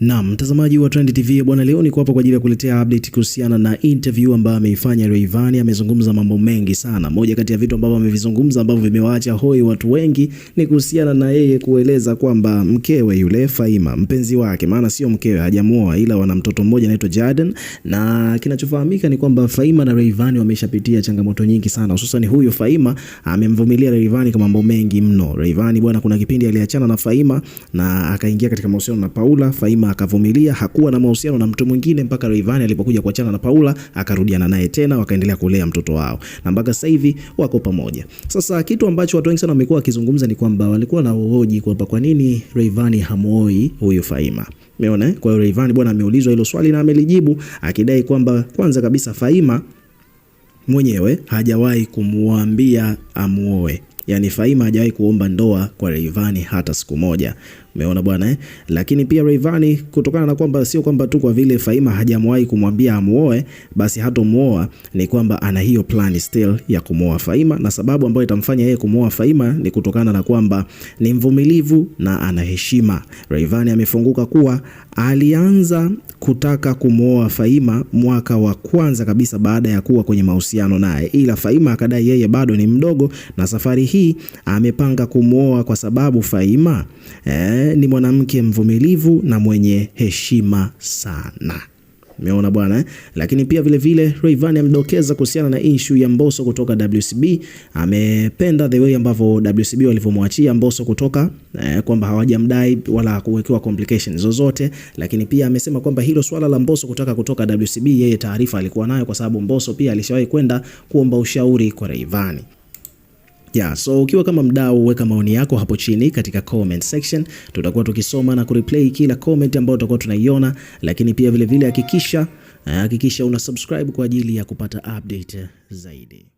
Na mtazamaji wa Trend TV bwana, leo niko hapa kwa ajili ya kuletea update kuhusiana na interview ambayo ameifanya Rayvanny. Amezungumza mambo mengi sana. Moja kati ya vitu ambavyo amevizungumza ambavyo vimewaacha hoi watu wengi ni kuhusiana na yeye kueleza kwamba mkewe yule Faima, mpenzi wake, maana sio mkewe, hajamuoa ila wana mtoto mmoja anaitwa Jaden, na kinachofahamika ni kwamba Faima na Rayvanny wameshapitia changamoto nyingi sana, hususan huyo Faima amemvumilia Rayvanny kwa mambo mengi mno. Rayvanny bwana, kuna kipindi aliachana na Faima na akaingia katika mahusiano na Paula Faima Roma akavumilia, hakuwa na mahusiano na mtu mwingine mpaka Rayvanny alipokuja kuachana na Paula, akarudiana naye tena, wakaendelea kulea mtoto wao na mpaka sasa hivi wako pamoja. Sasa kitu ambacho watu wengi sana wamekuwa wakizungumza ni kwamba walikuwa na uhoji kwamba kwa nini Rayvanny hamuoi huyu Faima. Umeona? Eh? Kwa hiyo Rayvanny bwana ameulizwa hilo swali na amelijibu akidai kwamba kwanza kabisa Faima mwenyewe hajawahi kumwambia amuoe yani Faima hajawahi kuomba ndoa kwa Rayvanny hata siku moja. Umeona bwana eh? Lakini pia Rayvanny kutokana na kwamba sio kwamba tu kwa vile Faima hajamwahi kumwambia amuoe, basi hatomuoa, ni kwamba ana hiyo plan still ya kumuoa Faima, na sababu ambayo itamfanya yeye kumuoa Faima ni kutokana na kwamba ni mvumilivu na ana heshima. Rayvanny amefunguka kuwa alianza kutaka kumuoa Faima mwaka wa kwanza kabisa baada ya kuwa kwenye mahusiano naye, ila Faima akadai yeye bado ni mdogo na safari hii hii amepanga kumwoa kwa sababu Faima eh, ni mwanamke mvumilivu na mwenye heshima sana. Umeona bwana eh? Lakini pia vile vile Rayvanny amdokeza kuhusiana na issue ya Mbosso kutoka WCB. Amependa the way ambavyo WCB walivyomwachia Mbosso kutoka eh, kwamba hawajamdai wala kuwekewa complications zozote, lakini pia amesema kwamba hilo swala la Mbosso kutaka kutoka WCB, yeye taarifa alikuwa nayo, kwa sababu Mbosso pia alishawahi kwenda kuomba ushauri kwa Rayvanny. Yeah, so ukiwa kama mdau, weka maoni yako hapo chini katika comment section, tutakuwa tukisoma na kureplay kila comment ambayo tutakuwa tunaiona, lakini pia vilevile hakikisha eh, hakikisha una subscribe kwa ajili ya kupata update zaidi.